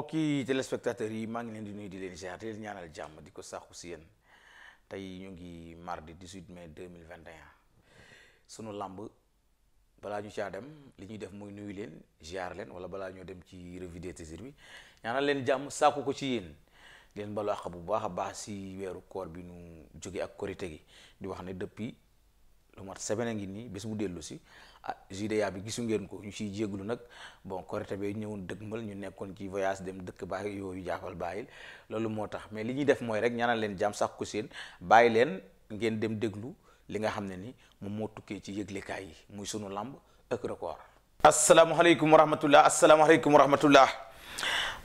mbokki téléspectateurs yi maa ngi leen di nuyu di leen ziar di leen ñaanal jàmm di ko sàkku si yéen tey ñu ngi mardi 18 mai 2021 sunu làmb balaa ñu caa dem li ñuy def muy nuyu leen ziar leen wala balaa ñoo dem ci revue des titres bi ñaanal leen jàmm sàkku ko ci yéen leen balaax bu baax a baax si weeru koor bi nu jóge ak korite gi di wax ne depuis lu mat semaine a ngi nii bés bu dellu si ah, bi gisu ngeen ko ñu siy jégalu nag bon Korité bi ñëwoon dëgmal ñu nekkoon ci voyage dem dëkk baa yooyu jaafal bàyyil loolu moo tax mais li ñuy def mooy rek ñaanal leen jàmm sax ko seen bàyyi leen ngeen dem déglu li nga xam ne ni moom moo tukkee ci yëglekaay yi muy sunu lamb ak record. asalaamaaleykum wa rahmatulah asalaamaaleykum wa rahmatulah.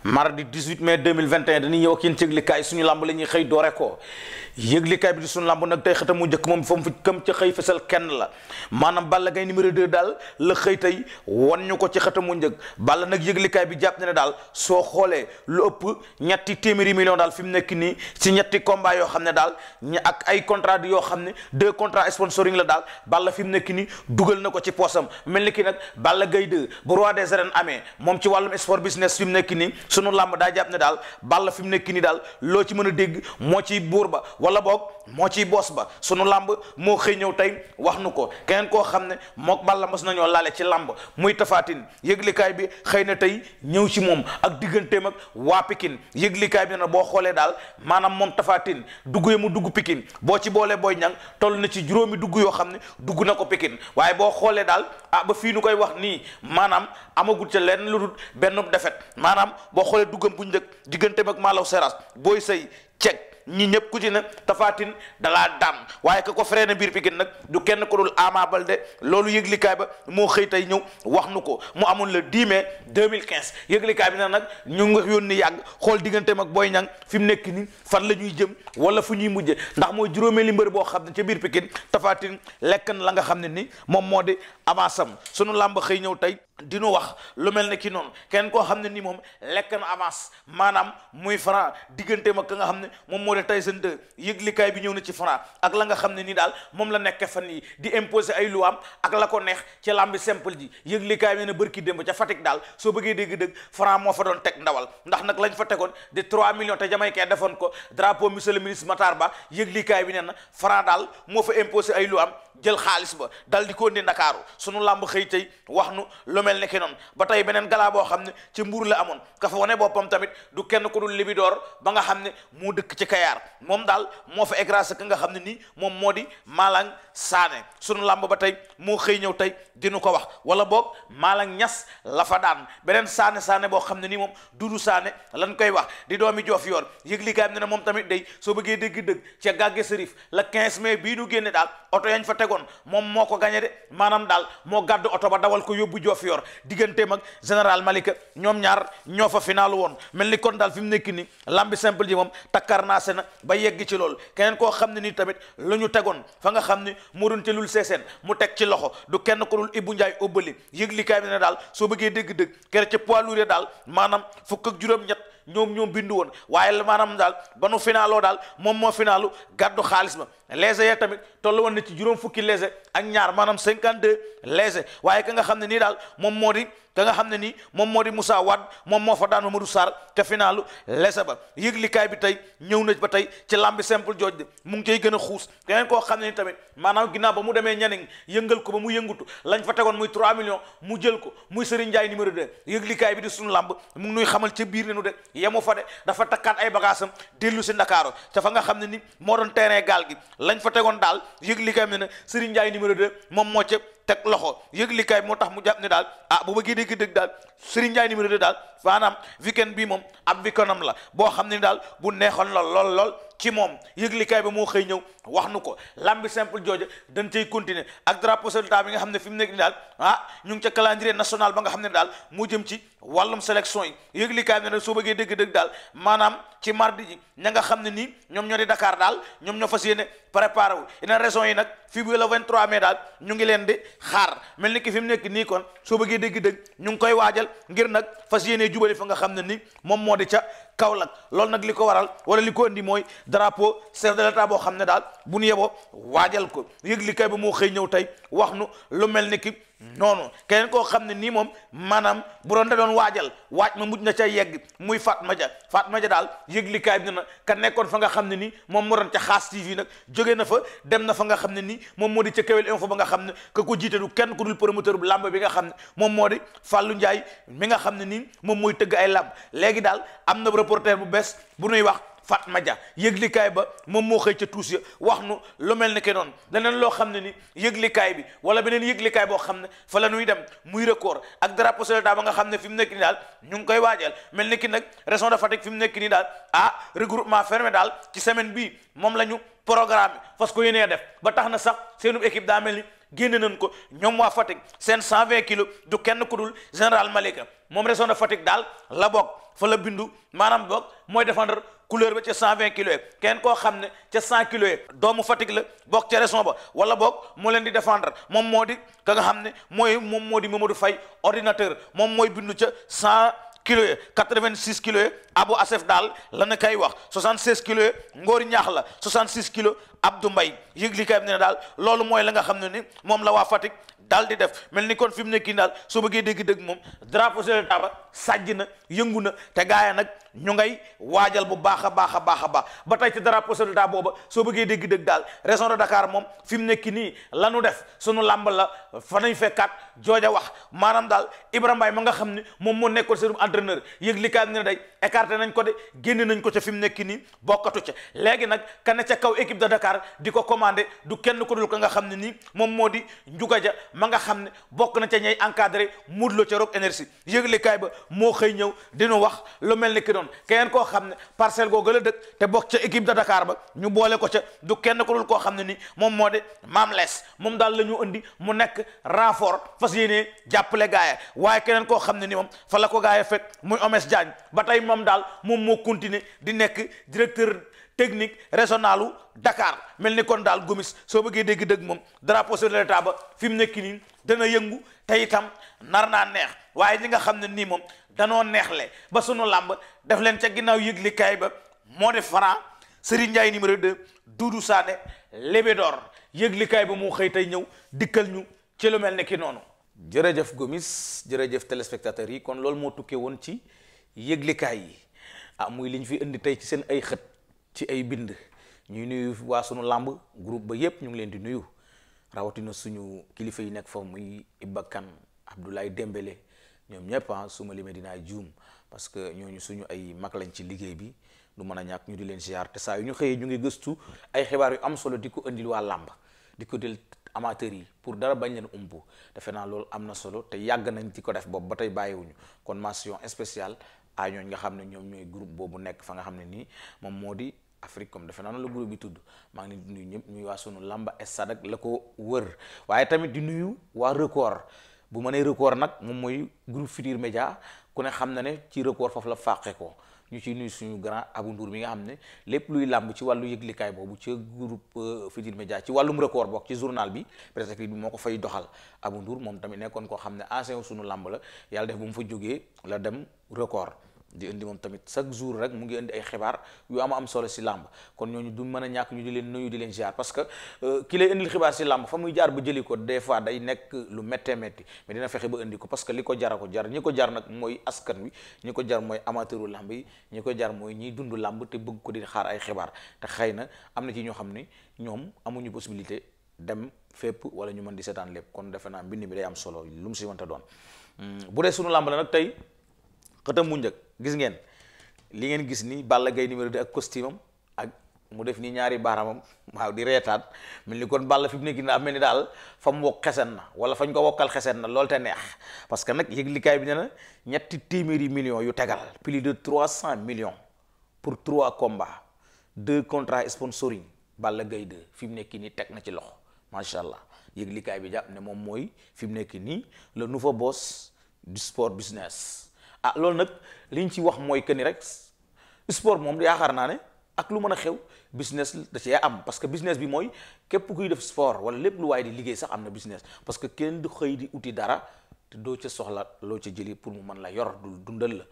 mardi 18 mai 2021 dañuy ñëw ak yéen ci yëglekaay suñu lamb la ñuy xëy doore ko. yëglikaay bi di sunu làmb nag tey xëtam mu njëkk moom fa mu fi këm ca xëy fesal kenn la maanaam Balla gay numéro 2 daal la xëy tey wan ñu ko ci xëtam mu njëkk Balla nag yëglikaay bi jàpp ne ne daal soo xoolee lu ëpp ñetti téeméeri million daal fi mu nekk nii si ñetti combat yoo xam ne daal ña ak ay contrat yoo xam ne deux contrats sponsoring la daal Balla fi mu nekk nii dugal na ko ci poosam mel ni kii nag Balla Gaye 2 bu roi des arènes amee moom ci wàllum sport business fi mu nekk nii sunu làmb daa jàpp ne daal Balla fi mu nekk nii daal loo ci mën a dégg moo ci buur ba wala boog moo ciy boos ba sunu làmb moo xëy ñëw tey wax nu ko keneen koo xam ne mook Balla mas nañoo laale ci làmb muy tafaatin yëglikaay bi xëy na tey ñëw ci moom ak digganteem ak waa Pikine yëglikaay bi na boo xoolee daal maanaam moom tafaatin dugg ya mu dugg Pikine boo ci boolee Boy Niang toll na ci juróomi dugg yoo xam ne dugg na ko Pikine waaye boo xoolee daal ah ba fii nu koy wax nii maanaam amagul ca lenn lu dul benn defet maanaam boo xoolee duggam bu njëkk digganteem ak Malaw Seras booy sëy ceg ñi ñëpp ku ci ne tafaatin dalaa daan waaye ka ko freiné biir Pikine nag du kenn ko dul amaabal Baldé loolu yëglikaay ba moo xëy tey ñëw wax nu ko mu amoon le 10 mai 2015 yëglikaay bi na nag ñu ngi yónni yàgg xool digganteem mag booy Niang fi mu nekk nii fan la ñuy jëm wala fu ñuy mujje ndax mooy juróomeeli mbër boo xam ne ca biir Pikine tafaatin lekk na la nga xam ne nii moom moo di avance am sunu làmb xëy ñëw tey dinu wax lu mel ne ki noonu kenn koo xam ne nii moom lekk na avance maanaam muy Franc diggante ma ka nga xam ne moom moo de Tyson 2 yëglikaay bi ñëw na ci Franc ak la nga xam ne nii daal moom la nekkee fan yi di imposer ay luwaam ak la ko neex ci làmbi simple ji yëglikaay bi ne bërki démb ca Fatick daal soo bëggee dégg-dëgg Franc moo fa doon teg ndawal ndax nag lañ fa tegoon de 3 millions te jamaykee defoon ko drapeau monsieur le ministre Matar Ba yëglikaay bi nee na Franc daal moo fa imposer ay luwaam jël xaalis ba dal di ko indi Ndakaaru sunu làmb xëy mel ne ki noonu ba tey beneen galaa boo xam ne ci mbuur la amoon ka fa wane boppam tamit du kenn ku dul libidoor ba nga xam ne moo dëkk ci kayaar moom daal moo fa égrasé ka nga xam ne nii moom moo di maalang saane sunu làmb ba tey moo xëy ñëw tey dinu ko wax wala boog maalang ñas lafa fa daan beneen saane saane boo xam ne nii moom du saane lan koy wax di doomi joof yoor yëgli kaay ne ne moom tamit day soo bëggee dégg-dëgg ca gàgge sërif la quinze mais bii nu génne daal oto yañ fa tegoon moom moo ko gañe de maanaam daal moo gàddu oto ba dawal ko yóbbu joof yor digganteem ak général Malika ñoom ñaar ñoo fa final woon mel ni kon daal fi mu nekk nii lambi simple ji moom takkar naase na ba yegg ci lool keneen koo xam ne nii tamit lu ñu tegoon fa nga xam ni mu doon lul seeseen mu teg ci loxo du kenn ko dul Ibou njaay óbbali yëg li kaay bi ne daal soo bëggee dégg-dëgg kere ci poids lourd daal maanam fukk ak juróom-ñett ñoom ñoom bindu woon waaye maanaam daal ba nu finaaloo daal moom moo finaalu gàddu xaalis ba léger ya tamit toll woon na ci juróom fukki léger ak ñaar maanaam cinquante de léger waaye ka nga xam ne nii daal moom moo di ka nga xam ne nii moom moo di Moussa Wade moom moo fa daan Mamadou Sarr te finalu léger ba yëglikaay bi tey ñëw na ba tey ci lambi simple jooj de mu ngi cay gën a xuus keneen koo xam ne ni tamit maanaam ginnaaw ba mu demee ñaning yëngal ko ba mu yëngutu lañ fa tegoon muy 3 millions mu jël ko muy Serigne Ndiaye numéro 2 yëglikaay bi di suñu lamb mu ngi nuy xamal ca biir ne nu de yemu fa de dafa takkaat ay bagaasam dellu si Ndakaaru te fa nga xam ne ni moo doon terrain gaal gi lañ fa tegoon daal yëg ne Serigne Ndiaye numéro 2 moom moo ca teg loxo yëglikaay moo tax mu jàpp ne daal ah bu bëggee dégg-dégg daal Serigne Ndiaye numéro de daal maanaam weekend bii moom ab weekendam la boo xam ne daal bu neexoon lool lool lool ci moom yëglikaay bi moo xëy ñëw wax nu ko lambi simple jooja dañ cay continuer ak drapeau soldat bi nga xam ne fi mu nekk ni daal ah ñu ngi ca calendrier national ba nga xam ne daal moo jëm ci wàllum sélection yi yëglikaay bi ne soo bëggee dëgg-dëgg daal maanaam ci mardi ji ña nga xam ne nii ñoom ñoo di Dakar daal ñoom ñoo fas yéene préparé wu yeneen raison yi nag fii bu le 23 mais daal ñu ngi leen di xaar mel ni ki fi mu nekk nii kon soo bëggee dëgg-dëgg ñu ngi koy waajal ngir nag fas yéene jubali fa nga xam ne ni moo di ca Kaolack loolu nag li ko waral wala li ko indi mooy drapeau chef de l'état boo xam ne daal bu ñu yeboo waajal ko yëg li kay ba moo xëy ñëw tey wax nu lu mel ni ki noonu keneen koo xam ne nii moom maanaam bu doon da doon waajal waaj ma mujj na ca yegg muy Fatma Dia Fatma Dia daal yëglikaay bi ne na ka nekkoon fa nga xam ne nii moom moo doon ca xaas TV nag jóge na fa dem na fa nga xam ne nii moom moo di ca Kewel Info ba nga xam ne ka ko jiite du kenn ku dul promoteur bu làmb bi nga xam ne moom moo di Fallou Ndiaye mi nga xam ne nii moom mooy tëgg ay làmb léegi daal am na reporter bu bees bu nuy wax Fatma Dia yëglikaay ba moom moo xëy ca tuus ya wax nu lu mel ni ke noonu leneen loo xam ne ni yëglikaay bi wala beneen yëglikaay boo xam ne fa la nuy dem muy record ak drapeau Sénégal ba nga xam ne fi mu nekk nii daal ñu ngi koy waajal mel ni ki nag région de Fatick fi mu nekk nii daal ah regroupement daal ci semaine bi moom lañu ñu programme fas yéenee def ba tax na sax seenu équipe daa mel ni génne nañ ko ñoom waa Fatick seen 120 kilo du kenn ku dul général Malika moom région de Fatick daal la bokk fa la bindu maanaam bokk mooy défendre couleur ba ca cent vingt kilo yi kenn koo xam ne ca cent kilo yi doomu Fatick la bokk ca ba wala boog moo leen di défendre moom moo di ka nga xam ne mooy moom moo di moom Mamadou fay ordinateur moom mooy bindu ca cent kilos yi quatre-vingt-six kilos yi Abou Assef daal la na kay wax soixante-seize kilos yi Ngor Ñaax la soixante-six kilos Abdou Mbaye yëglikaay bi ne daal loolu mooy la nga xam ne ni moom la waa Fatick daal di def mel ni kon fi mu nekk nii daal soo bëggee dégg-dégg moom drapeau de l'État ba sàjj na yëngu na te gaaya nag ñu ngay waajal bu baax a baax a baax a baax ba tey ci drapeau de l'État booba soo bëggee dégg-dégg daal région da Dakar moom fi mu nekk nii la nu def nu làmb la fa nañ fekkaat jooja wax maanaam daal Ibrahima Mbaye ma nga xam ne moom moo nekkoon seen entraîneur yëglikaay bi ne day écarté nañ ko de génn nañ ko ca fi mu nekk nii bokkatu ca léegi nag ka ne di ko commandé du kenn ko dul ko nga xam ne nii moom moo di njuga ja ma nga xam ne bokk na ca ñay encadré Modou la ca Rock Énergie yëglekaay ba moo xëy ñëw dinu wax lu mel ni ki doon keneen koo xam ne parcelle googu la dëkk te bokk ca équipe de Dakar ba ñu boole ko ca du kenn ko dul koo xam ne nii moom moo de maam lees moom daal la ñu indi mu nekk renfort fas yéenee jàppale gaaya waaye keneen koo xam ne ni moom fa la ko gaaya fekk muy Omes Diagne ba tey moom daal moom moo continuer di nekk directeur technique régionalu Dakar mel ni kon daal Gomis soo bëggee dégg dëgg moom drapeau de ba fi mu nekk nii dana yëngu te itam nar naa neex waaye ñi nga xam ne nii moom danoo neexle ba sunu làmb def leen ca ginnaaw yëglikaay ba moo def Franc Serigne Ndiaye numéro 2 Doudou Sané Lébédor yëglikaay ba mu xëy tey ñëw dikkal ñu ci lu mel ne ki noonu. jërëjëf Gomis jërëjëf téléspectateurs yi kon loolu moo tukkee woon ci yëglikaay yi ah muy li ñu fi indi tey ci seen ay xët. ci ay bind ñuy nuyu waa sunu làmb group ba yépp ñu ngi leen di nuyu rawatina suñu kilifa yi nekk fa muy Iba Kane Abdoulaye Dembélé ñoom ñëpp ah su ma limee dinaa juum parce que ñooñu suñu ay mag lañ ci liggéey bi du mën a ñàkk ñu di leen ziar te saa yu ñu xëyee ñu ngi gëstu ay xibaar yu am solo di ko indil waa làmb di ko del amateur yi pour dara bañ leen ump defe naa loolu am na solo te yàgg nañ ci ko def boobu ba tey bàyyiwuñu kon mention spéciale à ñooñ nga xam ne ñoom ñooy groupe boobu nekk fa nga xam ne nii moom moo di Afrique comme defe naa la groupe bi tudd maa ngi leen ñëpp ñuy waa sunu lamba stade la ko wër waaye tamit di nuyu waa record bu ma nee record nag moom mooy groupe Futur Média ku ne xam na ne ci record foofu la fàqe ko ñu ci nuyu suñu grand Abou Ndour mi nga xam ne lépp luy làmb ci wàllu yëglikaay boobu ci groupe euh, Futur Média ci wàllum record bokk ci journal bi presse écrite moo ko fay doxal Abou Ndour moom tamit nekkoon koo xam ne ancien suñu làmb la yàlla def bu mu fa jógee la dem record di indi moom tamit chaque jour rek mu ngi indi ay xibaar yu am am solo si làmb kon ñooñu du mën a ñàkk ñu di leen nuyu di leen ziar parce que euh, ki lay indil xibaar si làmb fa muy jaar ba jëli ko des fois day nekk lu méttee métti mais dina fexe ba indi ko parce que li ko jara ko jar ñi ko jar nag mooy askan wi ñi ko jar mooy amateuru làmb yi ñi ko jar mooy ñiy dund làmb te bëgg ko di xaar ay xibaar te xëy na am na ci ñoo xam ne ñoom amuñu possibilité dem fépp wala ñu mën di seetaan lépp kon defe naa mbind mi day am solo lu si mënta doon hmm, bu dee sunu làmb la nag tey xëtam mu njëkk gis ngeen li ngeen gis ni Balla gay numéro 2 ak costume am ak mu def ni ñaari baaraamam waaw di reetaan mel ni kon Balla fi mu nekk nii daa mel ni daal fa mu wokk xesen na wala fañ ko wokkal xesen na loolu te neex parce que nag yëglikaay bi nee na ñetti téeméeri millions yu tegal plus de trois cent millions pour trois combats deux contrats sponsoring Balla Gaye 2 fi mu nekk nii teg na ci loxo macha allah yëglikaay bi moom mooy fi mu nekk nii le nouveau boss du sport business. ah loolu nag li ñu ci wax mooy que ni rek sport moom yaakaar naa ne ak lu mën a xew business da cee am parce que business bi mooy képp kuy def sport wala lépp lu waaye di liggéey sax am na business parce que kenn du xëy di uti dara. te doo ca soxla loo ca jëli pour mu mën la yor dul dundal la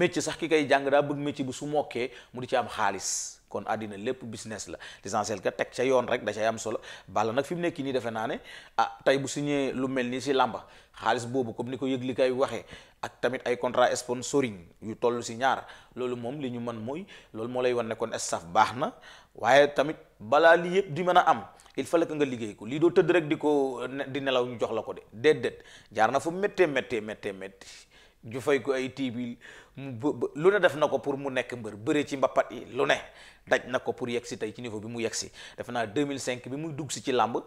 métier sax ki kay jàng daa bëgg métier bi su mokkee mu di ci am xaalis kon àddina lépp business la l'essentiel que teg ca yoon rek da cay am solo bala nag fi mu nekk nii defe naa ne ah tey bu signé lu mel nii si làmba xaalis boobu comme ni ko yëg li kay waxee ak tamit ay contrat sponsoring yu toll si ñaar loolu moom li ñu mën mooy loolu moo lay wan ne kon staff baax na waaye tamit balaa li yëpp di mën a am il fallait que nga liggéey ko lii doo tëdd rek di ko di nelaw ñu jox la ko de déedéet jaar na fu méttee méttee méttee métti ñu fay ko ay tiibil lu ne def na ko pour mu nekk mbër bëree ci mbappat yi lu ne daj na ko pour yegg si tey ci niveau bi mu yegg si defe naa 2005 bi muy dugg si ci làmb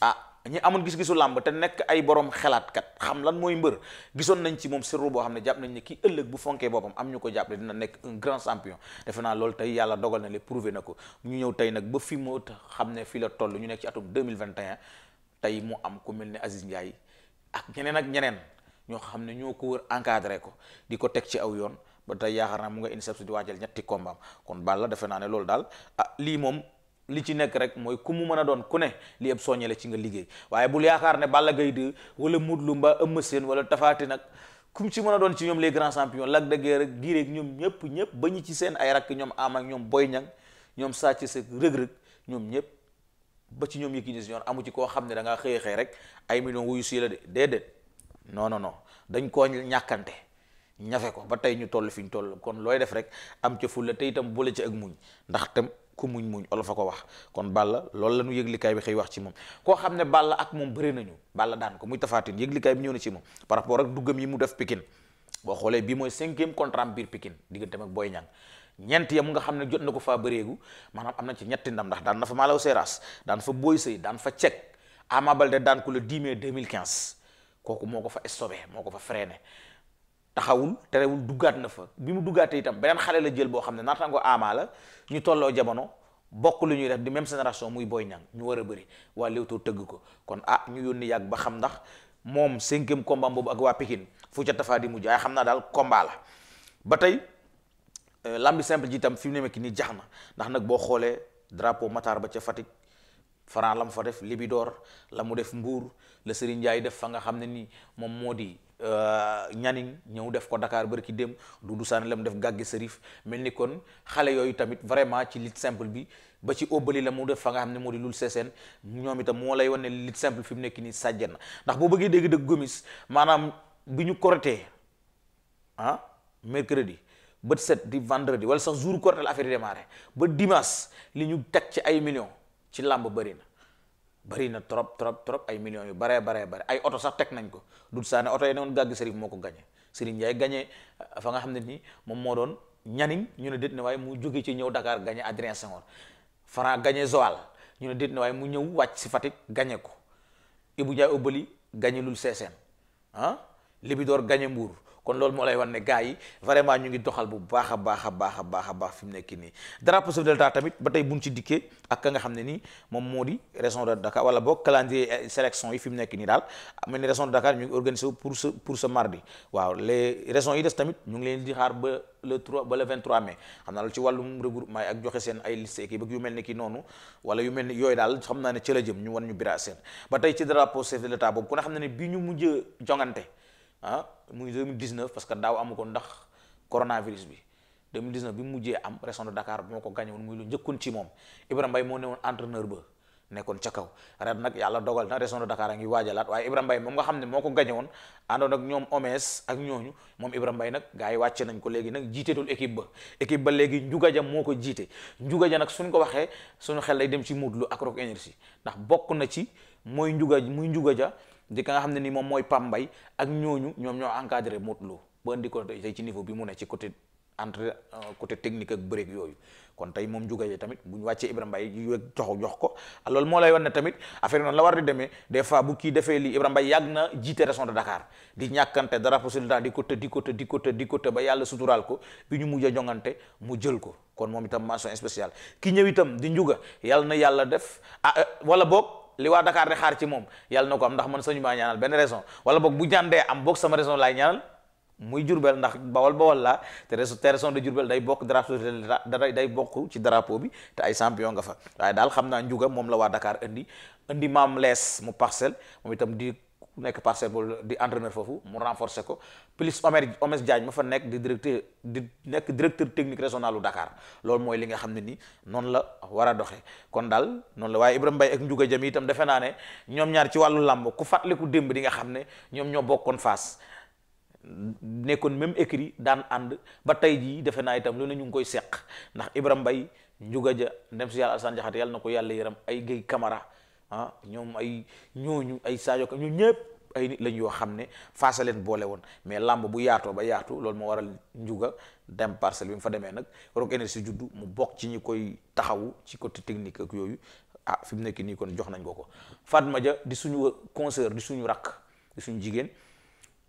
ah ñi amoon gis-gisu làmb te nekk ay borom xelaat kat xam lan mooy mbër gisoon nañ ci moom sirru boo xam ne jàpp nañ ne kii ëllëg bu fonkee boppam am ñu ko jàppale dina nekk un grand champion defe naa lool tey yàlla dogal na le prouvé na ko ñu ñëw tey nag ba fi mu xam ne fii la toll ñu nekk ci atum 2021 tey mu am ku mel ne Aziz Ndiaye ak ñeneen ñeneen ñoo xam ne ñoo ko wër encadré ko di ko teg ci aw yoon ba tey yaakaar naa mu nga INSEP di waajal ñetti kombaam kon Balla defe naa ne loolu daal ah lii moom li ci nekk rek mooy ku mu mën a doon ku ne li ëpp soññale ci nga liggéey waaye bul yaakaar ne Balla Gaye 2 wala Modou Lo mbaa Eumeu Sène wala Tapha nag kum ci mën a doon ci ñoom les grands champions Lac de rek ak ñoom ñëpp ñëpp ba ñu ci seen ay rakk ñoom Ama ak ñoom Boy Niang ñoom Sa Thiès ak ñoom ñëpp ba ci ñoom Yékini Junior amu ci koo xam ne da ngaa xëy rek ay millions wuyu si la de déedéet non non dañ koo ñàkkante ñafe ko ba tey ñu toll fi ñu toll kon looy def rek am ca fulla te itam boole ci ak muñ ku muñ muñ olof a ko wax kon Balla lool la ñu likaay bi xëy wax ci moom koo xam ne Balla ak moom bëri nañu Balla daan ko muy tafaatin yëglikaay bi ñëw na ci moom par rapport ak duggam yi mu def Pikine boo xoolee bii mooy cinquième contrat biir Pikine digganteem ak Boy Niang ñeent yam nga xam ne jot na ko faa bëreegu maanaam am na ci ñetti ndam ndax daan na fa Malaw Seras daan fa booy Sey daan fa Cek Ama Baldé daan ko le 10 mai 2015 kooku ko fa stoppé moo ko fa freiné taxawul terewul duggaat na fa bi mu duggaatee itam beneen xale la jël boo xam ne naataango Ama la ñu tolloo jamono bokk lu ñuy rek di même génération muy booy Niang ñu war a bari waa Leewtoo tëgg ko kon ah ñu yónni yàgg ba xam ndax moom cinquième combat boobu ak waa Pikine fu ca tafaa di mu jaay xam naa daal combat la ba tey euh, lambi simple ji itam fi mu nekk nii jax na ndax nag boo xoolee drapeau Matar ba ca Fatick Franc la mu fa def Libidor la mu def Mbour la Serigne Ndiaye def fa nga xam ne nii moom moo di ñanin euh, ñëw def ko Dakar bari ki dem Doudou Sane la mu def gàgge sërif mel ni kon xale yooyu tamit vraiment ci lutte simple bi ba ci óbbali la mu def fa nga xam ne moo di lul seeseen ñoom itam moo lay wan ne lutte simple fi mu nekk nii sàjje na ndax boo bëggee dégg dëgg gomis maanaam bi ñu korotee ah mercredi ba set di vendredi wala sax jour korité la affaire yi démarré ba dimanche li ñu teg ci ay millions ci làmb bëri na bari na trop trop trop ay millions yu baree baree bare ay oto sax teg nañ ko dut saa ne oto yi ne woon gàgg Serigne moo ko gagné Serigne Ndiaye gagné fa nga xam ne ni moom moo doon ñaniñ ñu ne déet na waaye mu jóge ci ñëw dakaar gañe Adrien Senghor Franc gagné Joal ñu ne déet na waaye mu ñëw wàcc si Fatick gañe ko Ibou Ndiaye Obali gagné lul CSN ah Libidor gagné Mbour kon loolu moo lay wan ne gars yi vraiment ñu ngi doxal bu baax a baax a baax a baax a mu nekk nii drapeau chef de l'État tamit ba tey buñ ci dikkee ak ka nga xam ne nii moom moo di région de Dakar wala boog calendrier sélection yi fi mu nekk nii daal mel ni région de Dakar ñu ngi pour pour ce mardi waaw les régions yi des ñu ngi leen di xaar ba le 3 ba le 23 mai xam naa lu ci wàllum regroupement yi ak joxe seen ay liste équipe yu mel ni ki noonu wala yu mel ni yooyu daal xam naa ne ci la ñu wan ñu bira seen tey ci drapeau chef de l'État boobu ku ne xam ñu mujj jongante ah muy 2019 parce que daaw amu ko ndax coronavirus bi 2019 bi mu mujjee am région dakaar Dakar moo ko gagné woon muy lu njëkkoon ci moom Ibrahima moo ne woon ba nekkoon ca kaw ren nag yàlla dogal na région de Dakar a ngi waajalaat waaye Ibrahima Mbaye moom nga xam ne moo ko gagné woon àndoon ak ñoom Omes ak ñooñu moom Ibrahima mbay nag gars yi wàcce nañ ko léegi nag jiiteetul équipe ba équipe ba léegi Ndiouga Dia moo ko jiite njuga ja nag suñ ko waxee suñu xel lay dem ci Modou Lo ak ndax bokk na ci mooy Ndiouga muy Ndiouga Dia di ka nga xam ne nii moom mooy Pambay ak ñooñu ñoom ñoo encadré Modou Lo ba indi ko tey ci niveau bi mu ne ci côté entre euh, côté technique ak bëreeg yooyu kon tey moom jugajee tamit bu ñu wàccee Ibrahima Mbaye yéeg jox jox ko ah, loolu moo lay wan ne tamit affaire noonu la war di demee des fois bu kii defee lii Ibrahima Mbaye yàgg na jiite région de Dakar di ñàkkante dara possibilité di ko di ko di ko di ko të ba yàlla suturaal ko bi ñu mujj a jongante mu jël ko kon moom itam mention spéciale ki ñëw itam di njuga yàlla na yàlla def ah euh, wala boog li waa Dakar di xaar ci moom yàlla na ko am ndax man sañu maa ñaanal benn raison wala boog bu jàndee am boog sama raison laay ñaanal muy Jurbel ndax bawal bawal la te raison de Jurbel day bokk drapeau day bokk ci drapeau bi te ay champion nga fa waaye daal xam naa njuga moom la waa dakaar indi indi maam lees mu parcelle moom itam di nekk Parcelles Assainies di entraîneur foofu mu renforcer ko plus Omer Omes Diagne ma fa nekk di directeur di nekk directeur technique régionalu dakaar Dakar loolu mooy li nga xam ne ni noonu la war a doxee kon daal noonu la waaye Ibrahima Mbaye ak Ndiouga Jami itam defe naa ne ñoom ñaar ci wàllu làmb ku fàttaliku démb di nga xam ne ñoom ñoo bokk koon face nekkoon même écrit daan ànd ba tey jii defe naa itam lu ne ñu ngi koy seq ndax Ibrahima mbay njuga Ja ndem si yàlla Alassane Jaxate na ko yàlla yëram ay géej Camara ah ñoom ay ñooñu ay Sadio ñu ñoom ñëpp ay nit lañ yoo xam ne faasa leen boole woon mais làmb bu yaatoo ba yaatu loolu moo waral njuga dem parcelle bi mu fa demee nag roog énergie juddu mu bokk ci ñi koy taxawu ci côté technique ak yooyu ah fi mu nekk nii kon jox nañ ko ko Fatma ja di suñu concert di suñu rakk di suñu jigéen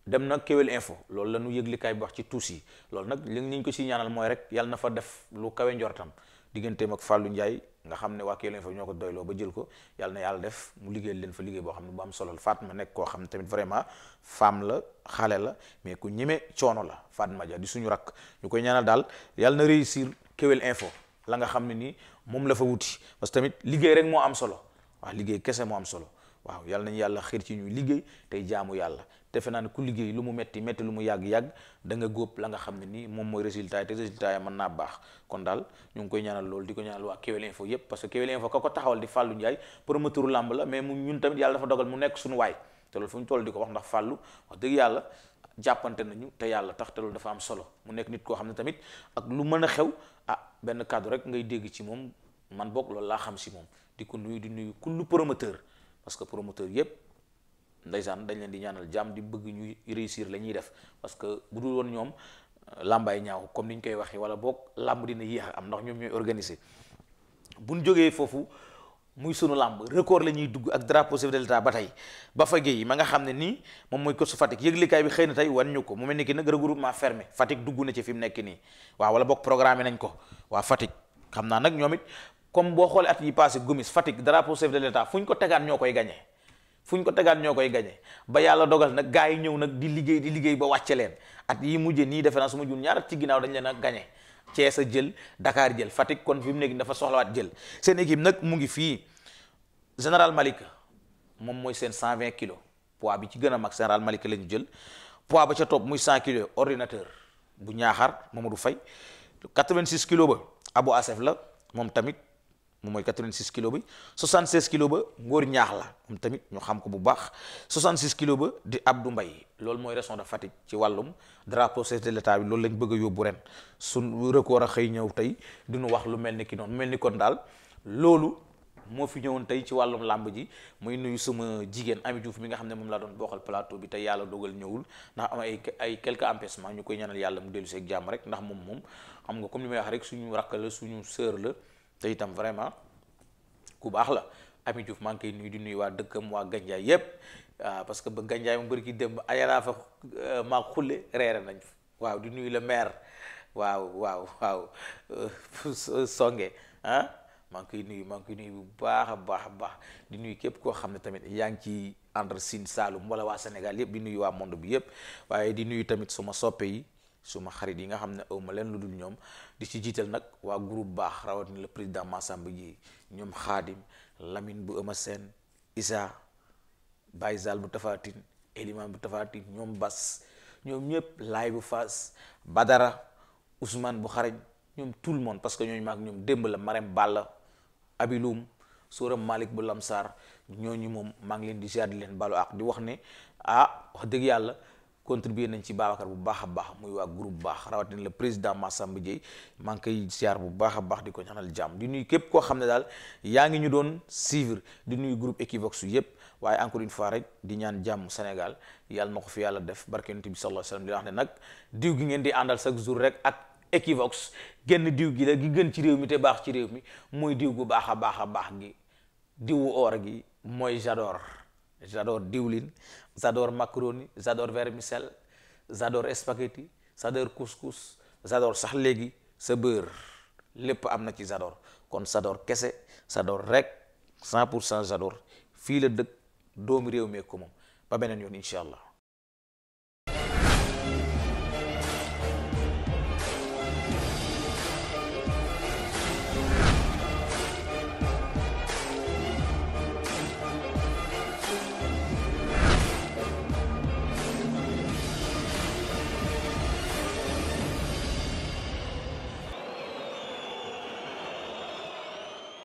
dem na Kewel Info loolu la ñu yëglikaay bi wax ci tuus yi loolu nag li ñu ko siy ñaanal mooy rek yàlla na fa def lu kawe njortam digganteem ak fàllu Ndiaye nga xam ne wàkkee leen fa ñoo ko doyloo ba jël ko yàlla na yàlla def mu liggéey leen fa liggéey boo xam ne bu am solo la Fatma ma koo xam ne tamit vraiment femme la xale la mais ku ñeme coono la Fatma Dia di suñu rakk ñu koy ñaanal daal yàlla na réussir kéwél Info la nga xam ne nii moom la fa wuti parce que tamit liggéey rek moo am solo waaw liggéey kese moo am solo waaw yàlla nañ yàlla xir ci ñuy liggéey tey jaamu yàlla defe naa ne ku liggéey lu mu metti metti lu mu yàgg-yàgg da nga góob la nga xam ne nii moom mooy résultat yi te résultat yi mën naa baax kon daal ñu ngi koy ñaanal loolu di ko ñaanal waa Kewel Info yépp parce que Kewel Info ka ko taxawal di Fallou Ndiaye promoteur làmb la mais mu ñun tamit yàlla dafa dogal mu nekk suñu waay te loolu fu ñu toll di ko wax ndax Fallou wax dëgg yàlla jàppante nañu te yàlla tax te loolu dafa am solo mu nekk nit koo xam ne tamit ak lu mën a xew ah benn kàddu rek ngay dégg ci moom man bokk loolu laa xam si moom di ko nuyu di nuyu kullu promoteur parce que promoteur yépp ndeysaan dañ leen di ñaanal jàmm di bëgg ñuy réussir la ñuy def parce que bu dul woon ñoom euh, làmbaay ñaaw comme ni ñu koy waxee wala boog làmb dina yéex am ndax ñoom ñooy organiser bu ñu jógee foofu muy sunu làmb record la ñuy dugg ak drapeau chef ba tey ba ma nga xam ne nii moom mooy course Fatick yëglikaay bi xëy na tey wan ñu ko mu mel ni ki nag regroupement fermé Fatick dugg ci fi mu nekk nii waaw wala boog nañ ko waa Fatick xam naa nag ñoom it comme boo xoolee at yi passé Gomis Fatick drapeau chef de l'État fu ñu ko tegaan ñoo koy gañe fu ñu ko tegaat ñoo koy gañe ba yàlla dogal nag gars yi ñëw nag di liggéey di liggéey ba wàcce leen at yi mujje nii defe naa su ma jul ñaar at ci ginnaaw dañ leen a gañe Thiès jël dakaar jël Fatick kon fi mu nekk dafa soxlawaat jël seen équipe nag mu ngi fii général Malick moom mooy seen cent 120 kilos pois bi ci gën a mag général Malick la ñu jël poids ba ca topp muy cent kilos ordinateur bu ñaaxar du Faye 86 kilos ba Abou Assef la moom tamit moom mooy 86 kilo bi 76 kilo ba ngóor ñaax la tamit ñu xam ko bu baax 66 kilo ba di ab Abdou mbay loolu mooy région de Fatick ci wàllum drapeau chef de l'état bi loolu lañ bëgg a yóbbu ren suñ record a xëy ñëw tey di ñu wax lu mel ni ki noonu mel ni kon daal loolu moo fi ñëwoon tey ci wàllum làmb ji muy nuyu sama jigéen Ami Diouf mi nga ne moom laa doon bokkal plateau bi tey yàlla dogal ñëwul ndax am ay ay quelques ñu koy ñaanal yàlla mu dellu seeg jàmm rek ndax moom moom xam nga comme li may wax rek suñu rakk la suñu sœur la te itam vraiment ku baax la Ami Diouf maa ngi nuyu di nuyu waa dëkkam waa Gandiaye yépp ah, parce que ba Gandiaye mu bëri ki dem ayaraa fa euh, maa xulle reere nañ waaw di nuyu le maire waaw waaw waaw euh, songe ah maa ngi nuyu maa ngi nuyu bu baax a baax a baax di nuyu képp koo xam ne tamit yaa ngi ci entre Sine Saalum wala waa Sénégal yépp di nuyu waa monde bi yépp waaye di nuyu tamit suma soppe yi suma xarit yi nga xam ne aw ma leen lu dul ñoom di ci jiital nag waa group baax rawatina la président massam Massamba ji ñoom xaadim Lamine bu Eumeu Sène Issa Baye Zal bu tafaatin Eliman bu Tafatin ñoom Bas ñoom ñëpp Laay bu Faas Badara Ousmane bu xarañ ñoom tout le monde parce que ñooñu maag ñoom démb la Marème Balla Abiloum Sora Malik bu Lamsar ñooñu moom maa ngi leen di ziar di leen balu ak di wax ne ah wax dëgg yàlla. contribuer nañ ci Babacar bu baax a baax muy waa groupe baax rawatina le président Massamba Dieye maa ngi koy siyaar bu baax a baax di ko ñaanal jàmm di nuyu képp koo xam ne daal yaa ngi ñu doon suivre di nuyu groupe Equivox yépp waaye encore fois rek di ñaan jàmm Sénégal yàlla na ko fi yàlla def barke yonent bi sallallahu alayhi wax ne nag diw gi ngeen di àndal chaque jour rek ak Equivox genn diw gi la gi gën ci réew mi te baax ci réew mi mooy diw gu baax a baax a baax gi diwu or gi mooy Jador. j'adore diwlin j'adore macaroni j'adore vermicelle j'adore spaghetti j'adore couscous j'adore sax léegi sa beurre lépp am na ci j'adore kon j'adore kese j'adore rek 100 pour cent fii la dëkk doomu réew mee ko moom ba beneen yoon incha allah